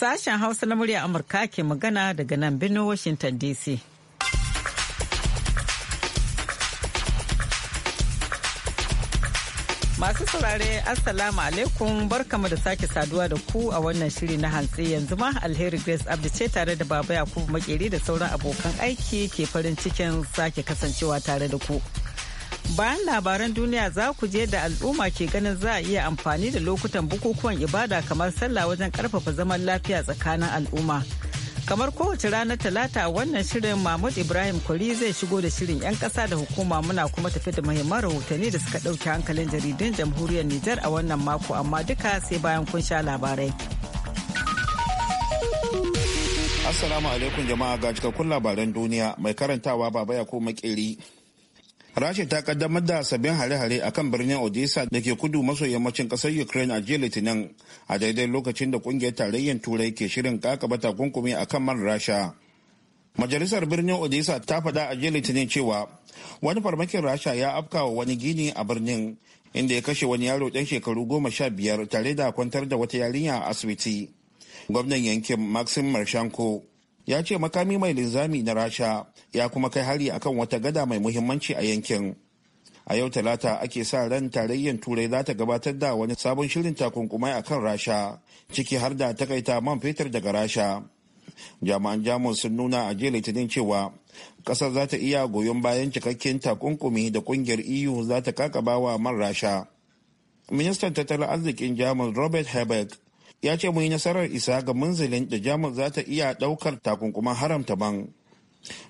Sashen Hausa na murya Amurka ke magana daga nan birnin Washington DC. Masu saurare Assalamu alaikum barkamu da sake saduwa da ku a wannan shiri na hantsi yanzu ma alheri Grace Abdi ce tare da Baba Yakubu Makeri da sauran abokan aiki ke farin cikin sake kasancewa tare da ku. bayan labaran duniya za ku je da al'umma ke ganin za a iya amfani da lokutan bukukuwan ibada kamar sallah wajen karfafa zaman lafiya tsakanin al'umma kamar kowace ranar talata wannan shirin mahmud ibrahim kwari zai shigo da shirin 'yan kasa da hukuma muna kuma tafi da muhimman rahotanni da suka ɗauki hankalin jaridun jamhuriyar nijar a wannan mako amma duka sai bayan kun sha labarai assalamu alaikum jama'a ga cikakkun labaran duniya mai karantawa baba ya ko makeri rasha ta kaddamar da sabbin hare-hare a kan birnin odessa da ke kudu maso yammacin kasar ukraine a jiya litinin a daidai lokacin da kungiyar tarayyar turai ke shirin kakaba takunkumi a kan man rasha majalisar birnin odessa ta faɗa a jiya litinin cewa wani farmakin rasha ya afka wa wani gini a birnin inda ya kashe wani yaro dan shekaru goma sha biyar tare da kwantar da wata yarinya a asibiti gwamnan yankin maxim marshanko ya ce makami mai linzami na rasha ya kuma kai hari akan wata gada mai muhimmanci a yankin a yau talata ake sa ran tarayyar turai za ta gabatar da wani sabon shirin takunkumai akan rasha ciki har da takaita man fetur daga rasha jami'an jamus sun nuna a jiya litinin cewa kasar za ta iya goyon bayan cikakken takunkumi da kungiyar eu za ta kakabawa man rasha ministan tattalin arzikin jamus robert herbert ya ce mu yi nasarar isa ga munzilin da jamus za ta iya daukar takunkuman haramta ban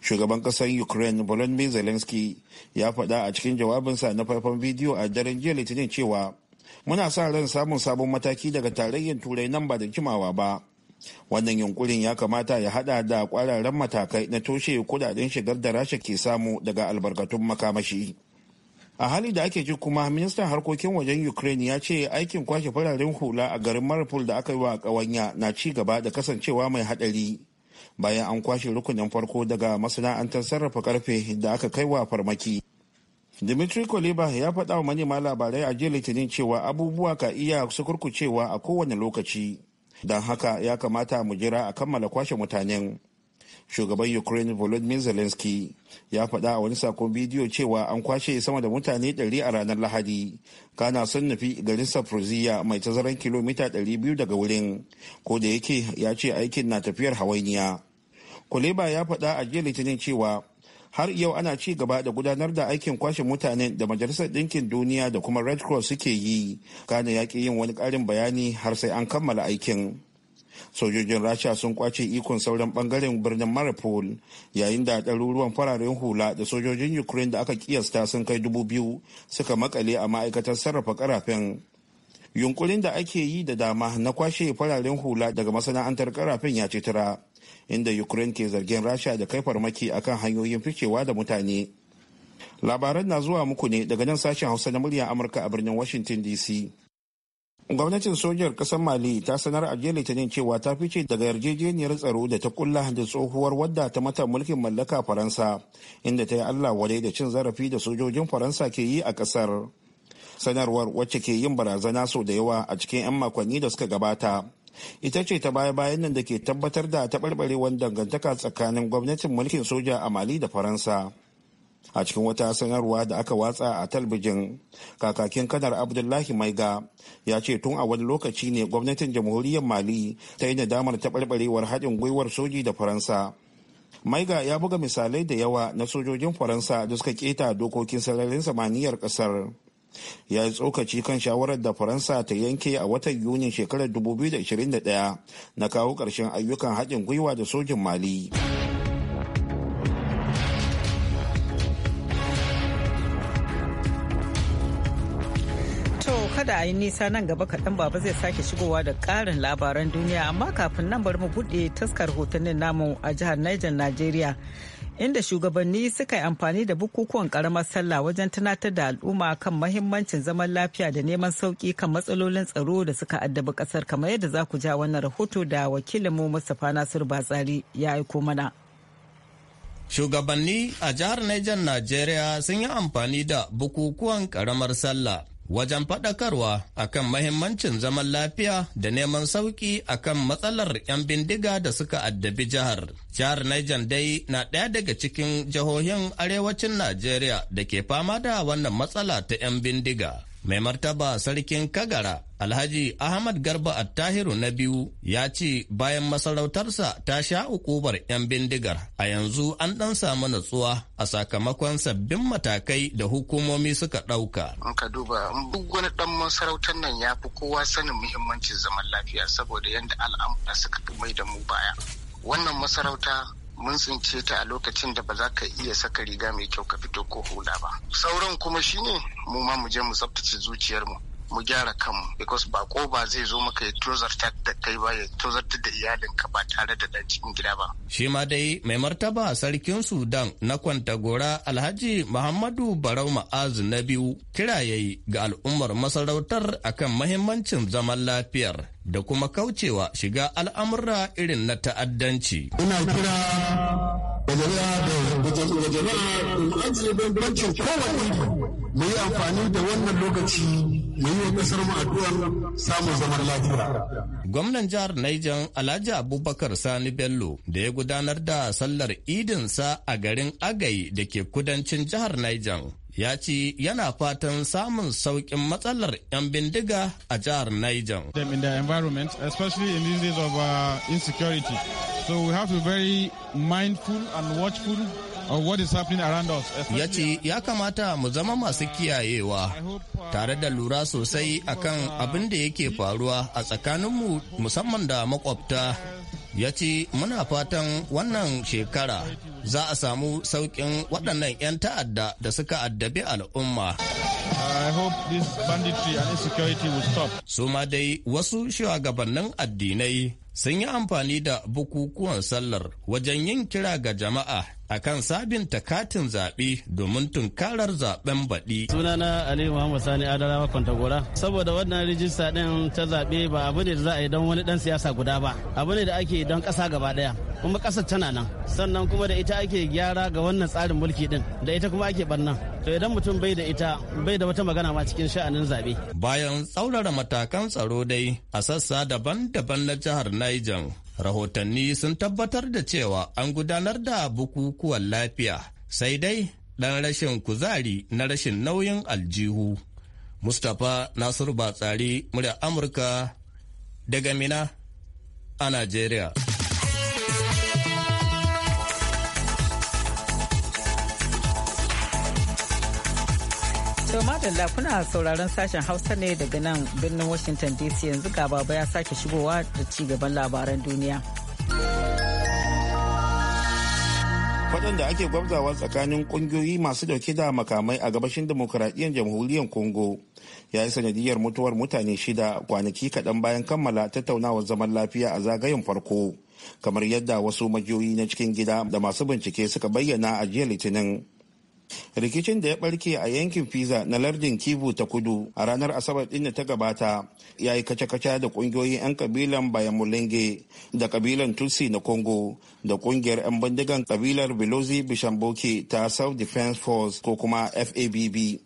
shugaban kasar ukraine volodymyr zelensky ya faɗa a cikin jawabinsa na faifan bidiyo a daren jiya litinin cewa muna sa ran samun sabon mataki daga tarayyar turai nan ba da jimawa ba wannan yunkurin ya kamata ya hada da kwararren matakai na toshe kudaden shigar da rasha ke samu daga albarkatun makamashi a hali da ake ji kuma ministan harkokin wajen ukraine ya ce aikin kwashe fararen hula a garin maripol da aka yi wa kawanya na ci gaba da kasancewa mai hadari bayan an kwashe rukunin farko daga masana'antar sarrafa karfe da aka kai wa farmaki dimitri koliba ya faɗa wa manema labarai a jiya litinin cewa abubuwa ka iya su kurkucewa a kowane lokaci don haka ya kamata mu jira a kammala kwashe mutanen shugaban ukraine volodymyr zelensky ya faɗa a wani sakon bidiyo cewa an kwashe sama da mutane 100 a ranar lahadi kana sun nufi garin saproziya mai tazaran kilomita 200 daga wurin ko da yake ya ce aikin na tafiyar hawainiya kuleba ya faɗa a jiya litinin cewa har yau ana ci gaba da gudanar da aikin kwashe mutanen da majalisar ɗinkin duniya da kuma red cross suke yi kana yaƙi yin wani ƙarin bayani har sai an kammala aikin sojojin rasha sun kwace ikon sauran bangaren birnin maripol yayin da ɗaruruwan fararen hula da sojojin ukraine da aka kiyasta sun kai dubu biyu suka makale a ma'aikatar sarrafa karafen yunkurin da ake yi da dama na kwashe fararen hula daga masana'antar karafen ya ce tura inda ukraine ke zargin rasha da kai farmaki akan hanyoyin ficewa da mutane labaran na zuwa muku ne daga nan sashen hausa na murya amurka a birnin washington dc gwamnatin sojar ƙasar mali ta sanar a jiya litinin cewa ta fice daga yarjejeniyar tsaro da ta kulla da tsohuwar wadda ta mata mulkin mallaka faransa inda ta yi allah wadai da cin zarafi da sojojin faransa ke yi a ƙasar sanarwar wacce ke yin barazana sau da yawa a cikin 'yan makonni da suka gabata ita ce ta baya bayan nan da ke tabbatar da taɓarɓarewar dangantaka tsakanin gwamnatin mulkin soja a mali da faransa a cikin wata sanarwa da aka watsa a talbijin kakakin kanar abdullahi maiga ya ce tun a wani lokaci ne gwamnatin jamhuriyar mali ta yi nadamar taɓarɓarewar haɗin gwiwar soji da faransa maiga ya buga misalai da yawa na sojojin faransa da suka keta dokokin sararin samaniyar ƙasar ya yi tsokaci kan shawarar da faransa ta yanke a watan yunin shekarar 2021 na kawo ƙarshen ayyukan haɗin gwiwa da sojin mali. kada a yi nisa nan gaba kaɗan baba zai sake shigowa da ƙarin labaran duniya amma kafin nan bari mu buɗe taskar hotunan namu a jihar Niger Najeriya. Inda shugabanni suka yi amfani da bukukuwan karamar sallah wajen tunatar da al'umma kan mahimmancin zaman lafiya da neman sauki kan matsalolin tsaro da suka addabi kasar kamar yadda za ku ja wannan rahoto da wakilinmu Mustapha nasir Batsari ya aiko mana. Shugabanni a jihar Niger Najeriya sun yi amfani da bukukuwan karamar sallah wajen faɗakarwa akan mahimmancin zaman lafiya da neman sauƙi akan matsalar 'yan bindiga da suka addabi jihar. Jihar Niger dai na ɗaya daga cikin jihohin arewacin Najeriya da ke fama da wannan matsala ta 'yan bindiga. mai martaba sarkin kagara alhaji ahmad garba attahiru na biyu ya ce bayan masarautarsa ta sha ukubar 'yan bindigar a yanzu an ɗan samu natsuwa a sakamakon sabbin matakai da hukumomi suka ɗauka. An ka duba duk wani ɗan masarautar nan ya fi kowa sanin muhimmancin zaman lafiya saboda yadda al'amura suka mai da mu baya wannan masarauta mun tsince ta a lokacin da ba za ka iya saka riga mai kyau ka fito ko hula ba sauran kuma shine mu ma mu je mu tsaftace zuciyarmu mu gyara kanmu because bako ba zai zo maka ya tozarta da kai ba ya tozarta da iyalinka ba tare da dan cikin gida ba. Shi ma dai mai martaba sarkin Sudan na kwanta gora Alhaji Muhammadu Barau Ma'azu na biyu kira yayi ga al'ummar masarautar akan mahimmancin zaman lafiyar da kuma kaucewa shiga al'amura irin na ta'addanci. Ina kira da jama'a mu yi amfani da wannan lokaci mu yi wa kasar mu addu'ar samun zaman lafiya. Gwamnan jihar Niger Alhaji Abubakar Sani Bello da ya gudanar da sallar idinsa a garin Agai da ke kudancin jihar Niger ya ce yana fatan samun sauƙin matsalar 'yan bindiga a jihar Niger. Them in their environment, especially in these days of uh, insecurity. So we have to be very mindful and watchful of what is happening around us. Ya ce ya kamata mu zama masu kiyayewa uh, tare da lura sosai akan abin da yake faruwa a tsakaninmu musamman da makwabta ya ce muna fatan wannan shekara za a samu sauƙin waɗannan 'yan ta'adda da suka addabi al'umma. I hope this Su ma dai wasu shugabannin addinai sun yi amfani da bukukuwan sallar wajen yin kira ga jama'a akan sabinta katin zaɓe domin tunkarar zaɓen baɗi. Sunana Ali Muhammad Sani Adarawa Kwantagora. Saboda wannan rijista ɗin ta zaɓe ba abu ne da za a yi don wani ɗan siyasa guda ba. Abu ne da ake don ƙasa gaba ɗaya. Kuma ƙasar tana nan. Sannan kuma da ita ake gyara ga wannan tsarin mulki ɗin. Da ita kuma ake ɓarna. To idan mutum bai da ita bai da wata magana ma cikin sha'anin zaɓe. Bayan tsaurara matakan tsaro dai a sassa daban-daban na jihar Niger. rahotanni sun tabbatar da cewa an gudanar da bukukuwan lafiya sai dai ɗan rashin kuzari na rashin nauyin aljihu mustapha nasiru batsari murya amurka daga mina a najeriya To madalla kuna sauraron sashen Hausa ne daga nan birnin Washington DC yanzu ga baba ya sake shigowa da ci gaban labaran duniya. Waɗanda ake gwabzawa tsakanin ƙungiyoyi masu dauke da makamai a gabashin demokuraɗiyyar jamhuriyar Congo ya yi sanadiyar mutuwar mutane shida kwanaki kaɗan bayan kammala tattaunawar zaman lafiya a zagayen farko. kamar yadda wasu majiyoyi na cikin gida da masu bincike suka bayyana a jiya litinin rikicin da ya barke a yankin fiza na lardin kivu ta kudu a ranar asabar din ta gabata ya yi kaca-kaca da kungiyoyin 'yan kabilan bayamulenge da kabilan tutsi na congo da kungiyar 'yan bindigan kabilar bilozi bishamboke ta south defense force ko kuma fabb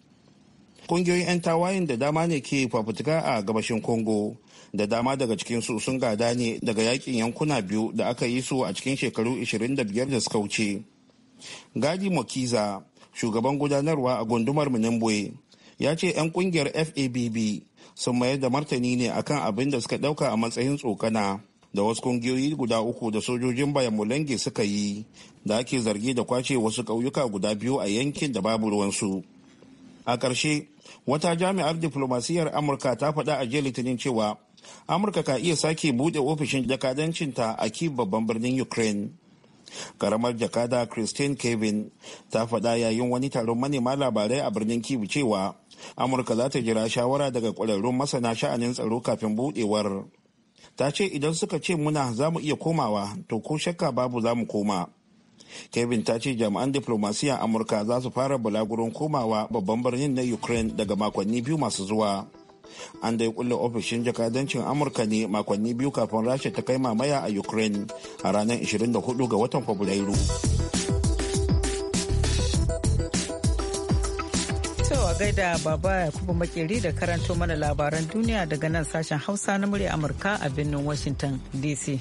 kungiyoyin 'yan tawayen da dama ne ke fafutuka a gabashin congo da dama daga cikinsu sun gada ne daga yakin yankuna biyu da aka yi su a cikin shekaru 25 da suka wuce gadi mokiza shugaban gudanarwa a gundumar Minimboe, ya ce 'yan kungiyar FABB sun mayar da martani ne akan abin da suka dauka a matsayin tsokana da wasu kungiyoyi guda uku da sojojin bayan mulenge suka yi da ake zargi da kwace wasu ƙauyuka guda biyu a yankin da babu ruwansu. A ƙarshe, wata jami'ar diplomasiyar Amurka ta faɗa a jiya Litinin cewa Amurka ka iya sake buɗe ofishin jakadancinta a kif babban birnin Ukraine. karamar jakada christine kevin ta faɗa yayin wani taron manema labarai a birnin kibu cewa amurka za ta jira shawara daga ƙwararrun masana sha'anin tsaro kafin buɗewar ta ce idan suka ce muna za mu iya komawa to ko shakka babu za mu koma kevin ta ce jami'an diplomasiyyar amurka za su fara bulaguron komawa babban birnin na ukraine daga makonni biyu masu zuwa an dai kulle ofishin jakadancin amurka ne makonni biyu kafin rasha ta kai mamaya a ukraine a ranar 24 ga watan fabrairu gaida baba ya kuma makeri da karanto mana labaran duniya daga nan sashen hausa na murya amurka a birnin washington dc.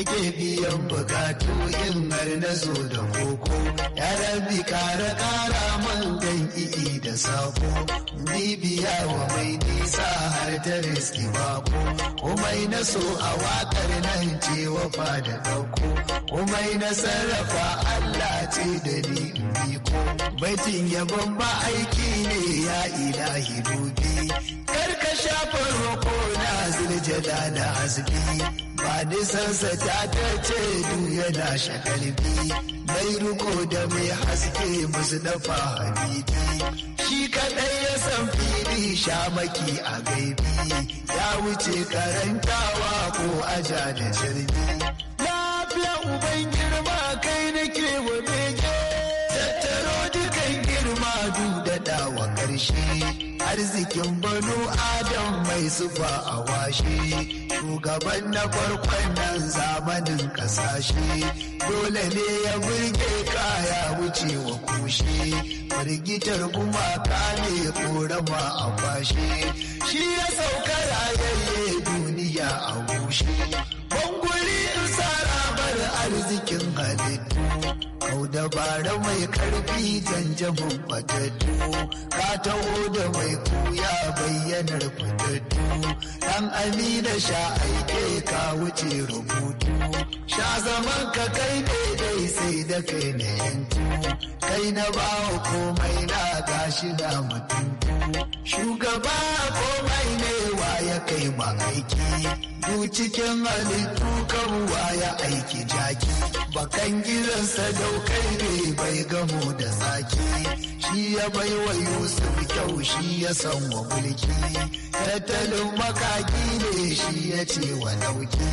nake biyan bukatu in har na zo da koko ya rabi kara kara man dan i'i da sako biya wa mai nisa har ta riski bako kumai na so a wakar nan ce wafa da dauko kumai na sarrafa Allah ce da ni biko baitin yabon ba aiki ne ya ilahi dubi. kar shafa roko jada da hasbi ba nisansa ta ta ce du yana shakalbi mai riko da mai haske musu dafa habibi shi kaɗai ya san fili shamaki a gaibi ya wuce karantawa ko aja da jirgi haƙƙin banu adam mai zuba a washe shugaban na farkon nan zamanin kasashe dole ne ya burge kaya wuce wa kushe firgitar gumaka ne korama a kwashe shi ya sauka rayayye duniya a bushe banguri in sarabar arzikin Kau bara mai karfi janjamin batattu ka taho da mai kuya bai maganar fitattu ami amina sha aike ka wuce rubutu sha zaman ka kai daidai sai da kai na yanku kai na bawa komai na gashi na mutum shugaba komai ne wa ya kai ma aiki du cikin halittu kan wa ya aiki jaki bakan gidansa daukai ne bai gamo da zaki shi ya bai wa yusuf kyau shi ya san wa mulki tattalin makaki ne shi ya ce wa dauki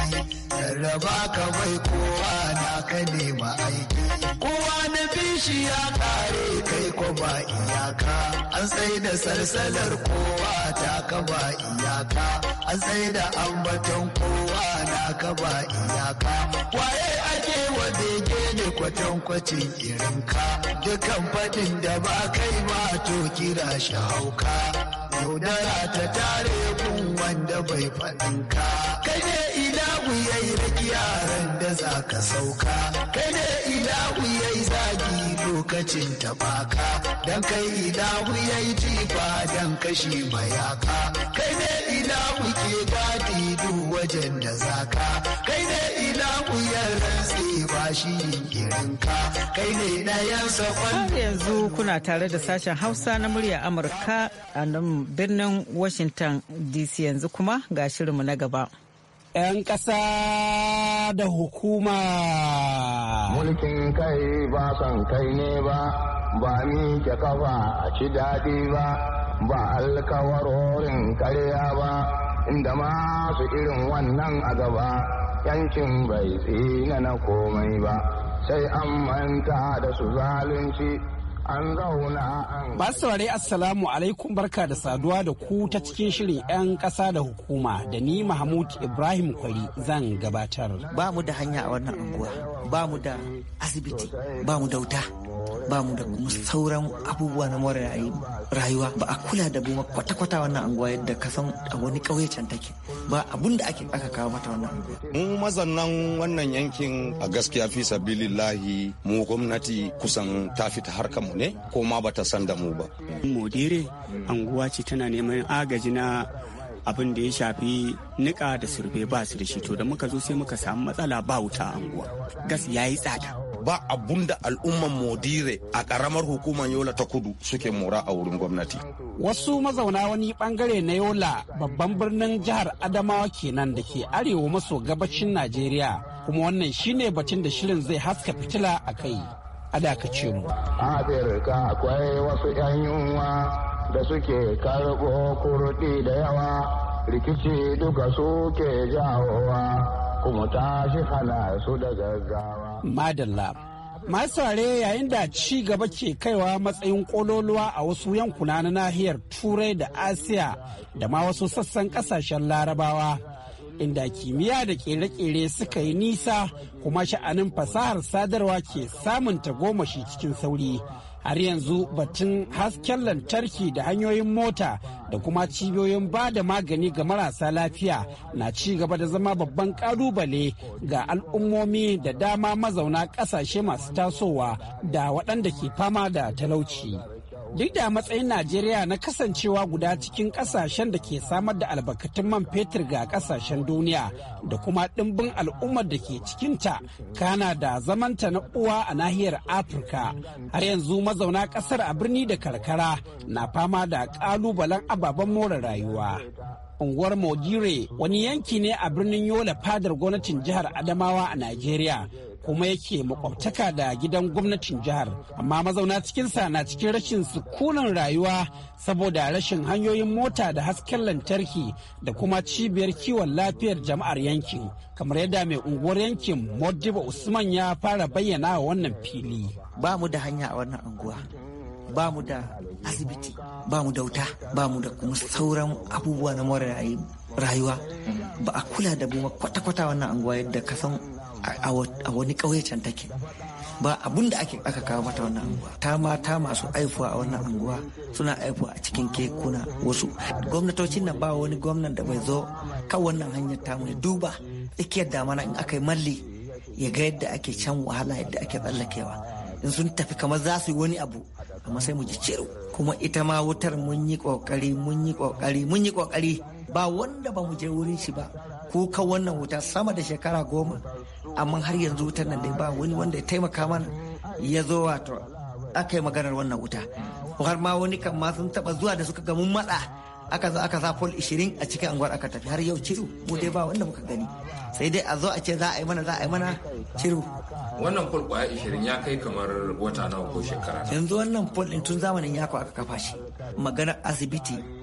rarraba ka bai kowa na ka nema aiki kowa na shi ya kare kai ko ba iyaka an sai da sarsalar kowa ta ka ba iyaka an sai da ambaton kowa na ka ba iyaka waye kwatankwacin irinka dukan kamfanin da ba kai ma to kira shi hauka yaudara ta tare kun wanda bai faɗinka kai ne ila ya yi yaran da za ka sauka kai ne ila ya yi zagi lokacin tabaka dan kai ila ya jifa dan kashi mayaka kai ne ila ke gadi duk wajen da zaka kai ne ilahu yanzu kuna tare da sashen hausa na murya amurka a nan birnin washington dc yanzu kuma ga shirinmu na gaba. 'yan ƙasa da hukuma. Mulkin kai ba son kai ne ba, ba miƙe kafa a ci daɗi ba ba alkawarorin karya ba inda masu irin wannan a gaba yankin bai tsina na komai ba sai an manta da su zalunci an zauna. su saurari Assalamu alaikum barka da saduwa da ku ta cikin shirin 'yan ƙasa da hukuma da ni Mahmud Ibrahim Kwari zan gabatar. Ba mu da hanya a wannan anguwa, ba mu da asibiti, ba mu da wuta, ba mu da kuma sauran abubuwa na more rayuwa ba a kula da mu kwata-kwata wannan anguwa yadda ka san a wani ƙauye can take ba abun da ake aka kawo mata wannan mu mazannan wannan yankin a gaskiya fi sabilillahi mu gwamnati kusan ta fita harkar mu ne ko ma bata san da mu ba. modire anguwa ce tana neman agaji na abin da ya shafi nika da surbe ba su da shi to da muka zo sai muka samu matsala ba wuta anguwa gas ya yi tsada ba abunda da al'umman modire a karamar hukumar yola ta kudu suke mora a wurin gwamnati wasu mazauna wani bangare na yola babban birnin jihar adamawa kenan da ke arewa maso gabashin najeriya kuma wannan shine batun da shirin zai haska fitila a kai a ce mu akwai wasu 'yan yunwa da suke karɓo kurɗi da yawa rikici duka suke jawowa kuma tashi hana su da gaggawa madalla masare yayin da ci gaba ke kaiwa matsayin kololuwa a wasu yankuna na nahiyar turai da asiya da ma wasu sassan kasashen larabawa inda kimiyya da kere-kere suka yi nisa kuma sha'anin fasahar sadarwa ke samun tagomashi cikin sauri har yanzu batun hasken lantarki da hanyoyin mota da kuma cibiyoyin ba da magani ga marasa lafiya na ci gaba da zama babban kalubale ga al'ummomi da dama mazauna kasashe masu tasowa da waɗanda ke fama da talauci. Duk da matsayin Najeriya na kasancewa guda cikin kasashen da ke samar da albarkatun man fetur ga kasashen duniya da kuma ɗimbin al'ummar da ke cikinta kana da zamanta na uwa a nahiyar Afirka. Har yanzu mazauna ƙasar a birni da karkara na fama da ƙalubalen ababen more rayuwa. unguwar mogire wani yanki ne a birnin yola fadar gwamnatin jihar adamawa a najeriya kuma yake makwabtaka da gidan gwamnatin jihar amma mazauna cikinsa na cikin rashin sukunan rayuwa saboda rashin hanyoyin mota da hasken lantarki da kuma cibiyar kiwon lafiyar jama'ar yankin kamar yadda mai unguwar yankin modiba usman ya fara bayyana wannan fili ba mu da hanya a wannan unguwa ba mu da asibiti ba mu da wuta ba mu da kuma sauran abubuwa na more rayuwa ba a kula da kwata-kwata wannan unguwa yadda ka san a wani ƙauye can take ba abun da ake aka kawo mata wannan anguwa ta mata masu aifuwa a wannan unguwa suna aifuwa a cikin kekuna wasu gwamnatocin nan ba wani gwamnan da bai zo kan wannan hanyar ta mai duba tsakiyar damana in aka yi malli ya ga yadda ake can wahala yadda ake tsallakewa in sun tafi kamar za su yi wani abu amma sai mu ji ciro kuma ita ma wutar mun yi kokari mun yi kokari mun yi kokari ba wanda ba mu je wurin shi ba ko kan wannan wuta sama da shekara goma amma har yanzu wutar nan dai ba wani wanda ya taimaka mana ya zo wato aka yi maganar wannan wuta har ma wani kan ma sun taba zuwa da suka ga mun matsa aka zo aka sa pol 20 a cikin anguwar aka tafi har yau ciru mu dai ba wanda muka gani sai dai a zo a ce za a yi mana za a yi mana ciru wannan pol kwaya 20 ya kai kamar wata nawa ko shekara yanzu wannan pol din tun zamanin yako aka kafa shi maganar asibiti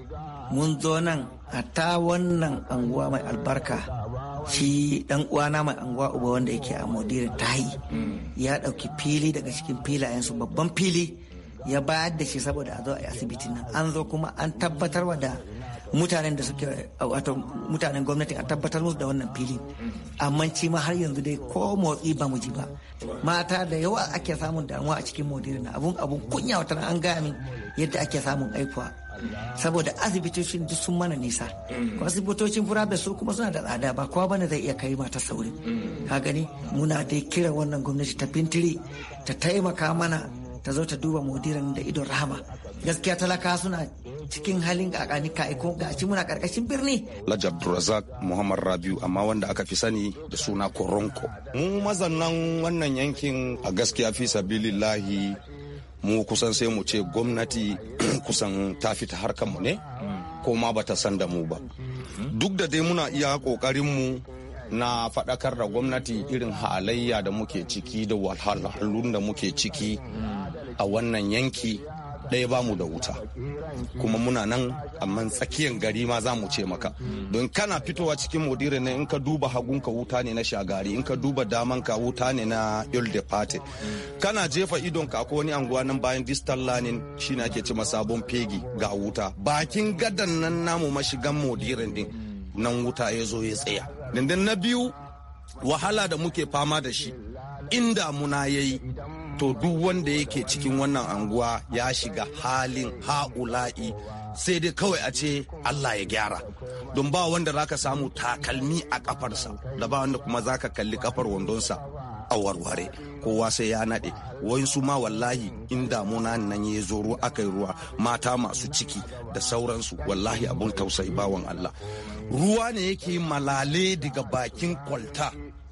mun zo nan a ta wannan anguwa mai albarka shi dan uwana mai anguwa uba wanda yake a modirin yi ya dauki fili daga cikin filayensu babban fili ya bayar da shi saboda a zo a asibiti nan an zo kuma an tabbatar da mutanen da suke wato mutanen gwamnati a tabbatar musu da wannan filin amma ci ma har yanzu dai ko motsi ba mu ji ba mata da yawa ake samun damuwa a cikin modirin abun abun kunya wata an gaya min yadda ake samun aikuwa saboda asibitocin duk sun mana nisa mm. asibitocin private su kuma suna da tsada ba kowa bane zai iya kai mata sauri mm. ka gani muna dai kira wannan gwamnati ta bintiri ta taimaka mana ta zo ta duba mudiran da idon rahama gaskiya talaka suna cikin halin kakani ka iko ga shi muna karkashin birni Lajab Razak Muhammad Rabiu amma wanda aka fi sani da suna Koronko mu mazannan wannan yankin a gaskiya fi sabilillahi mu kusan sai mu ce gwamnati kusan ta fita harkar mu ne ko ma bata san da mu ba duk da dai muna iya kokarin mu na faɗakar da gwamnati irin halayya da muke ciki da wahalhalun da muke ciki a wannan yanki ɗaya ba mu da wuta kuma muna nan amma tsakiyar gari ma za mu ce maka don kana fitowa cikin modire ne in ka duba hagunka wuta ne na shagari in ka duba damanka wuta ne na il de pate kana jefa idon ka ko wani anguwa nan bayan distal lanin shine ake cima sabon fegi ga wuta bakin gadan nan namu mashigan modirin din nan wuta ya zo ya tsaya dandan na biyu wahala da muke fama da shi in damuna yayi to duk wanda yake cikin wannan anguwa ya shiga halin ha'ula'i sai dai kawai a ce Allah ya gyara don ba wanda zaka samu takalmi a kafarsa da ba wanda kuma zaka kalli kafar wandonsa a warware kowa sai ya naɗe su ma wallahi in damuna nan ya zo ruwa aka yi ruwa mata masu ciki da sauransu wallahi abun tausayi bawan Allah ruwa ne yake malale daga bakin kwalta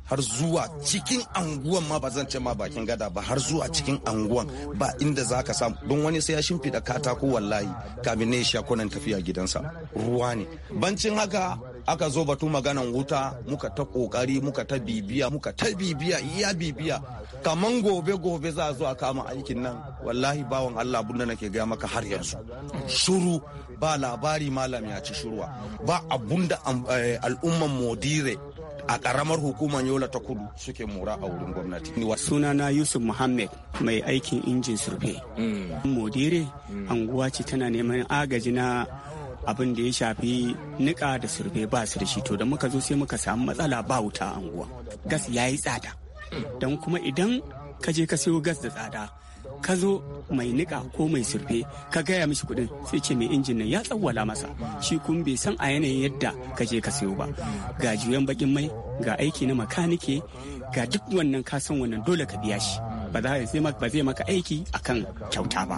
har zuwa cikin anguwan ma ba zan ce ma bakin gada ba har zuwa cikin anguwan ba inda za ka samu don wani sai ya shimfiɗa katako wallahi kamin ne ya kunan tafiya gidansa ruwa ne bancin haka aka zo batu maganan wuta muka ta kokari muka ta bibiya muka ta bibiya iya bibiya kaman gobe gobe za zo a kama aikin nan wallahi bawan Allah abunda nake gaya maka har yanzu shuru ba labari malam ya ci shuruwa ba abunda eh, al'umman modire a karamar hukumar yola ta kudu suke mura a wurin gwamnati sunana yusuf muhammad mai aikin injin surfe hmm. modire hmm. anguwa ce tana neman agaji na abin da ya shafi nika da surfe ba su da shi to da muka zo sai muka samu matsala ba wuta anguwa gas ya yi tsada hmm. don kuma idan ka je ka siyo gas da tsada ka zo mai niƙa ko mai surfe ka gaya mishi kuɗin sai ce mai injin nan ya tsawwala masa shi kun bai san a yanayin yadda ka je ka sayo ba ga juyan bakin mai ga aiki na makanike ga duk wannan ka san wannan dole ka biya shi ba za ba zai maka aiki akan kyauta ba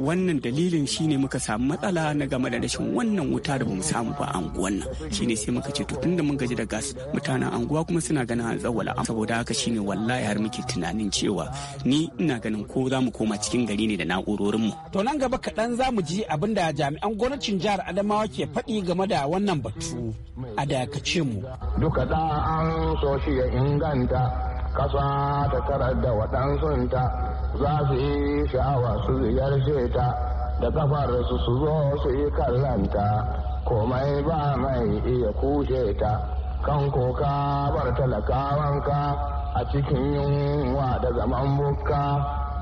wannan dalilin shine muka samu matsala na game da rashin wannan wuta da bamu samu ba a anguwan nan shine sai muka ce to tunda mun gaji da gas mutanen anguwa kuma suna ganin an tsawala saboda haka shine wallahi har muke tunanin cewa ni ina ganin ko za mu koma cikin gari ne da na'urorin mu to nan gaba kaɗan za mu ji abin da jami'an gwamnatin jihar Adamawa ke faɗi game da wannan batu a dakace mu duka da an so shi ya inganta kasa ta tarar da waɗansunta za su yi sha'awa su ziyarce ta da kafar su zo su yi kallanta komai ba mai iya kushe ta kan koka bar talakawanka a cikin yunwa da zaman bukka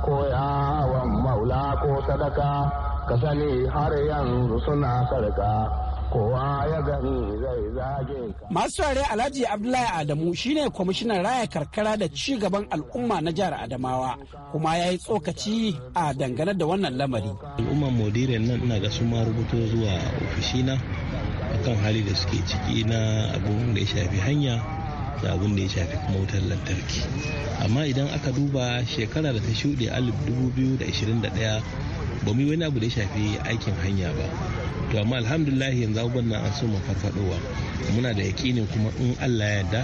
ko yawan maula ko sadaka ka sani har yanzu suna sarka. kowa ya gani zai zage ka. Masu rare Alhaji Abdullahi Adamu shine kwamishinan raya karkara da ci gaban al'umma na jihar Adamawa kuma ya yi tsokaci a dangane da wannan lamari. Al'umman modirin nan ina ga suma ma rubuto zuwa ofishina akan hali da suke ciki na abun da ya shafi hanya da abun da ya shafi kuma wutar lantarki. Amma idan aka duba shekara da ta shuɗe 2021 ba mu yi wani abu da ya shafi aikin hanya ba to amma alhamdulillah yanzu abubuwan nan an so mu farfadowa muna da yakinin kuma in Allah ya yarda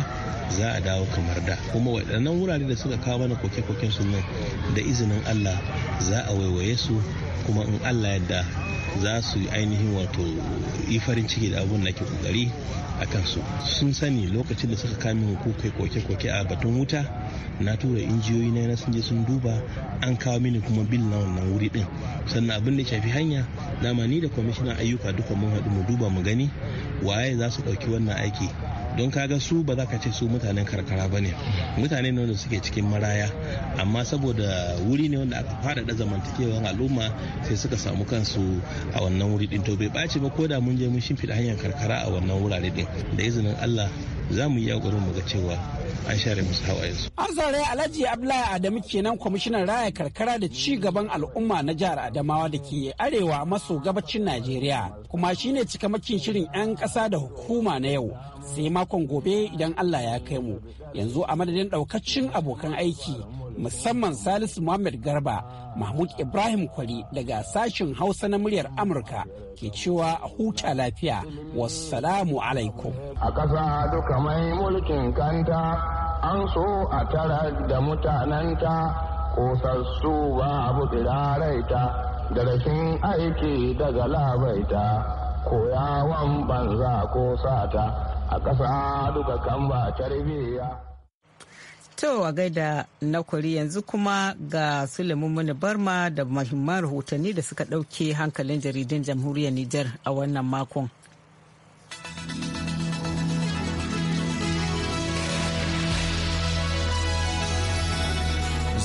za a dawo kamar da kuma waɗannan wurare da suka kawo mana koke-koken su nan da izinin Allah za a waiwaye su kuma in allah yadda za su ainihin wato yi farin ciki da abun da ke kokari a kansu sun sani lokacin da suka kame hukukai koke-koke a batun wuta na tura injiyoyi na yana sun je sun duba an kawo mini kuma bil na wannan wuri din sannan abin da ya shafi hanya dama ni da kwamishinan ayyuka duka mun haɗu mu duba mu gani waye za su ɗauki wannan aiki don kaga su ba za ka ce su mutanen karkara ba ne mutane ne wanda suke cikin maraya amma saboda wuri ne wanda aka da zamantakewar al'umma sai suka samu kansu a wannan wuri din to bai ɓaci ba ko da mun je mun shimfiɗa hanyar karkara a wannan wurare din da izinin allah za mu yi yakurin mu ga cewa an share musu hawayensu. An zare Alhaji Abdullahi Adamu kenan kwamishinan raya karkara da ci gaban al'umma na jihar Adamawa da ke arewa maso gabacin Najeriya kuma shine cikamakin shirin 'yan ƙasa da hukuma na yau sai makon gobe idan Allah ya kai mu yanzu a madadin ɗaukacin abokan aiki musamman Salisu Muhammad Garba, Mahmud Ibrahim Kwari daga sashen Hausa na muryar Amurka ke cewa huta lafiya wassalamu alaikum. A ƙasa duka mai mulkin kanta an so a tara da mutananta kosassu ba abu tsiraraita da rashin aiki daga labaita koyawan banza ko sata a ƙasa duka kan ba tarbiyya. To a gaida na kuri yanzu kuma ga Suleiman Muni Barma da mahimman rahotanni da suka ɗauke hankalin jaridun jamhuriyar Nijar a wannan makon.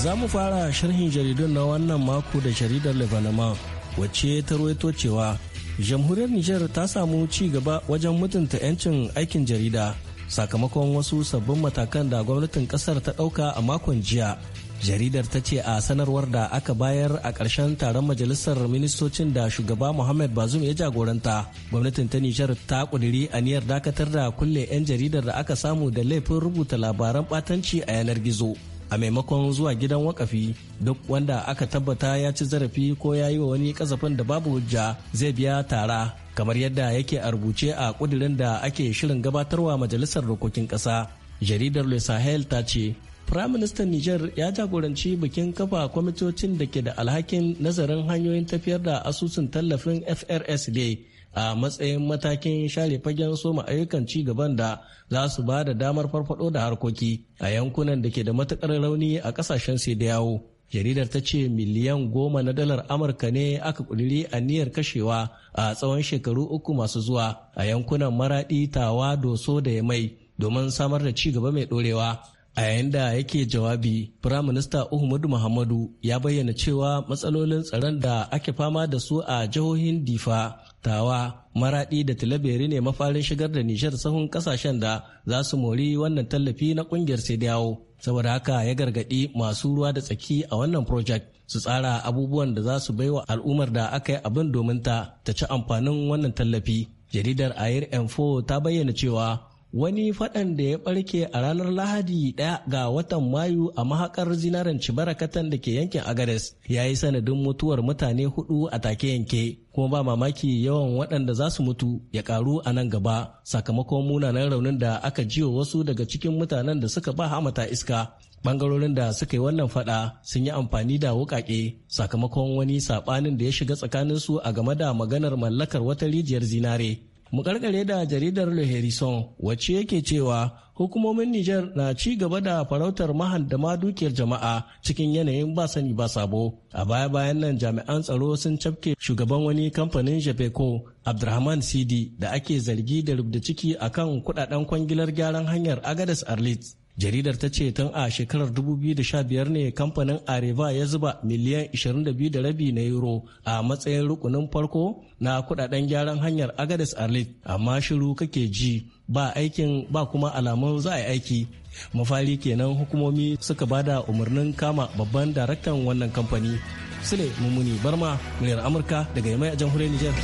Za mu fara sharhin jaridun na wannan mako da jaridar Lebanama wacce ta ruwaito cewa jamhuriyar Nijar ta samu ci gaba wajen mutunta 'yancin aikin jarida. sakamakon wasu sabbin matakan da gwamnatin kasar ta ɗauka a makon jiya jaridar ta ce a sanarwar da aka bayar a ƙarshen taron majalisar ministocin da shugaba muhammad bazum ya jagoranta gwamnatin ta nijar ta a aniyar dakatar da kulle 'yan jaridar da aka samu da laifin rubuta labaran batanci a yanar gizo a maimakon zuwa gidan wakafi duk wanda aka tabbata ya ci zarafi ko ya yi wa wani ƙazafin da babu hujja zai biya tara kamar yadda yake a rubuce a kudirin da ake shirin gabatarwa majalisar dokokin ƙasa jaridar le sahel ta ce firaministan niger ya jagoranci bikin kafa kwamitocin da ke da alhakin nazarin hanyoyin tafiyar da asusun tallafin frs ne a matsayin matakin share fagen soma ayyukan ci gaban da za su ba da damar farfado da harkoki a yankunan da ke da matukar rauni a kasashen sai da yawo jaridar ta ce miliyan goma na dalar amurka ne aka a niyyar kashewa a tsawon shekaru uku masu zuwa a yankunan maradi tawa doso da ya mai domin samar da ci gaba mai dorewa a yayin da yake jawabi firaminista uhumudu muhammadu ya bayyana cewa matsalolin tsaron da ake fama da su a jihohin difa tawa maradi da tilaberi ne mafarin shigar da nishar sahun kasashen da za su mori wannan tallafi na kungiyar sai dawo saboda haka ya gargaɗi masu ruwa da tsaki a wannan project su tsara abubuwan da za su baiwa al'ummar da aka yi abin domin ta ta ci amfanin wannan tallafi jaridar air m4 ta bayyana cewa wani faɗan da ya ɓarke a ranar lahadi ɗaya ga watan mayu a mahakar zinaren cibarakatan da ke yankin agares ya yi sanadin mutuwar mutane hudu a take yanke kuma ba mamaki yawan waɗanda za su mutu ya ƙaru a nan gaba sakamakon munanan raunin da aka jiwa wasu daga cikin mutanen da suka ba hamata iska bangarorin da suka yi wannan fada sun yi amfani da wukake sakamakon wani saɓanin da ya shiga tsakaninsu a game da maganar mallakar wata rijiyar zinare Mu karkare da jaridar Le Harrison wacce yake cewa hukumomin Nijar na ci gaba da farautar mahandama dukiyar jama'a cikin yanayin ba sani ba sabo. A baya-bayan nan jami'an tsaro sun cafke shugaban wani kamfanin Jafeco Abdurrahman Sidi da ake zargi da rubda ciki akan kudaden kwangilar gyaran hanyar Agadas Arlit. jaridar ta ce tun a shekarar 2015 ne kamfanin areva ya zuba miliyan 22 da rabi na euro a matsayin rukunin farko na kudaden gyaran hanyar agadis arlit amma shiru kake ji ba aikin ba kuma alamun za a aiki mafari kenan hukumomi suka bada umarnin kama babban daraktan wannan kamfani sule mummuni barma muryar amurka daga yamai a jamhuriyar niger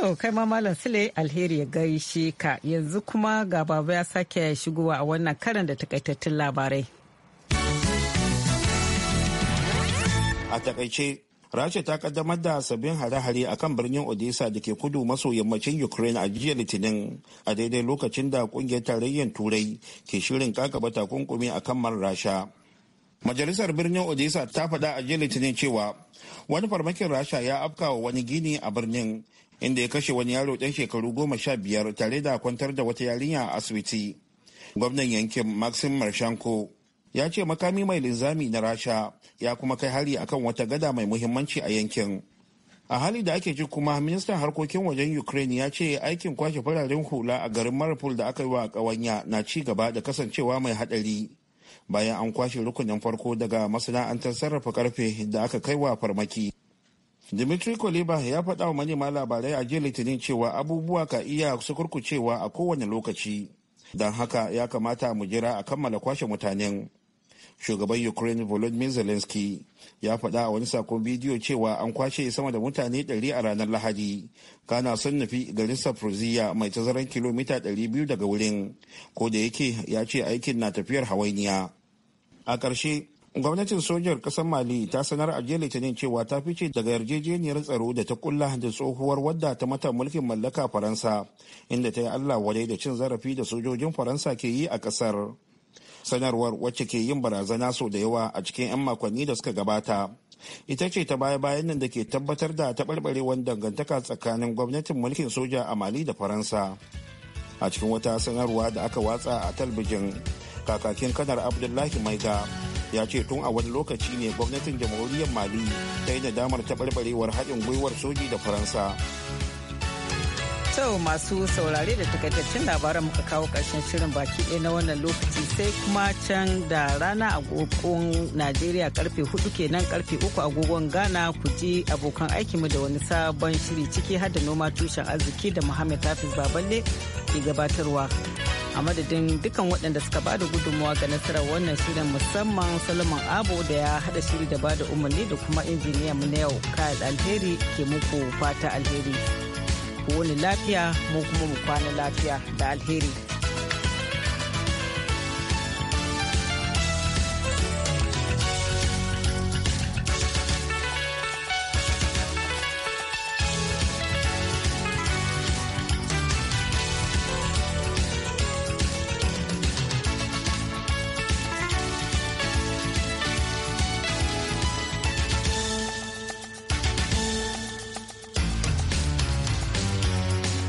To kai ma Malam Sule alheri ya gaishe ka yanzu kuma ga baba ya sake shigowa a wannan karan da takaitattun labarai. A takaice Rasha ta kaddamar da sabbin hare-hare a kan birnin Odessa da ke kudu maso yammacin Ukraine a jiya Litinin a daidai lokacin da kungiyar tarayyar Turai ke shirin kakaba takunkumi a kan man Rasha. Majalisar birnin Odessa ta faɗa a jiya Litinin cewa wani farmakin Rasha ya afkawa wani gini a birnin inda ya kashe wani yaro dan shekaru goma sha biyar tare da kwantar da wata yarinya a asibiti gwamnan yankin maxim marshanko ya ce makami mai linzami na rasha ya kuma kai hari akan wata gada mai muhimmanci a yankin a hali da ake ji kuma ministan harkokin wajen ukraine ya ce aikin kwashe fararen hula a garin maripol da aka yi wa kawanya na ci gaba da kasancewa mai hadari bayan an kwashe rukunin farko daga masana'antar sarrafa karfe da aka kai wa farmaki dimitri koliba ya faɗa wa manema labarai a jiya litinin cewa abubuwa ka iya su kurkucewa a kowane lokaci don haka ya kamata mu jira a kammala kwashe mutanen shugaban ukraine volodymyr zelensky ya faɗa a wani sakon bidiyo cewa an kwashe sama da mutane 100 a ranar lahadi kana sun nufi garin saproziya mai tazaran kilomita 200 daga wurin ko da yake ya ce aikin na tafiyar hawainiya a ƙarshe gwamnatin sojar kasar mali ta sanar a jiya litinin cewa ta fice daga yarjejeniyar tsaro da ta kulla da tsohuwar wadda ta mata mulkin mallaka faransa inda ta yi allah wadai da cin zarafi da sojojin faransa ke yi a kasar sanarwar wacce ke yin barazana sau da yawa a cikin 'yan makonni da suka gabata ita ce ta baya-bayan nan da ke tabbatar da taɓarɓarewar dangantaka tsakanin gwamnatin mulkin soja a mali da faransa a cikin wata sanarwa da aka watsa a talbijin kakakin kanar abdullahi maiga ya ce tun a wani lokaci ne gwamnatin jamhuriyar mali ta yi nadamar taɓarɓarewar haɗin gwiwar soji da faransa sau masu saurare da takaitaccen labaran muka kawo karshen shirin baki ɗaya na wannan lokaci sai kuma can da rana agogon Najeriya karfe hudu kenan karfe uku agogon Ghana ku ji abokan aikinmu da wani sabon shiri ciki har da noma tushen arziki da Muhammad Hafiz Baballe ke gabatarwa. a madadin dukkan waɗanda suka bada gudunmawa ga nasarar wannan shirin musamman solomon abu da ya haɗa shiri da bada umarni da kuma injiniya mu na yau kyle alheri ke muku fata alheri ku wani lafiya mu kuma mu kwana lafiya da alheri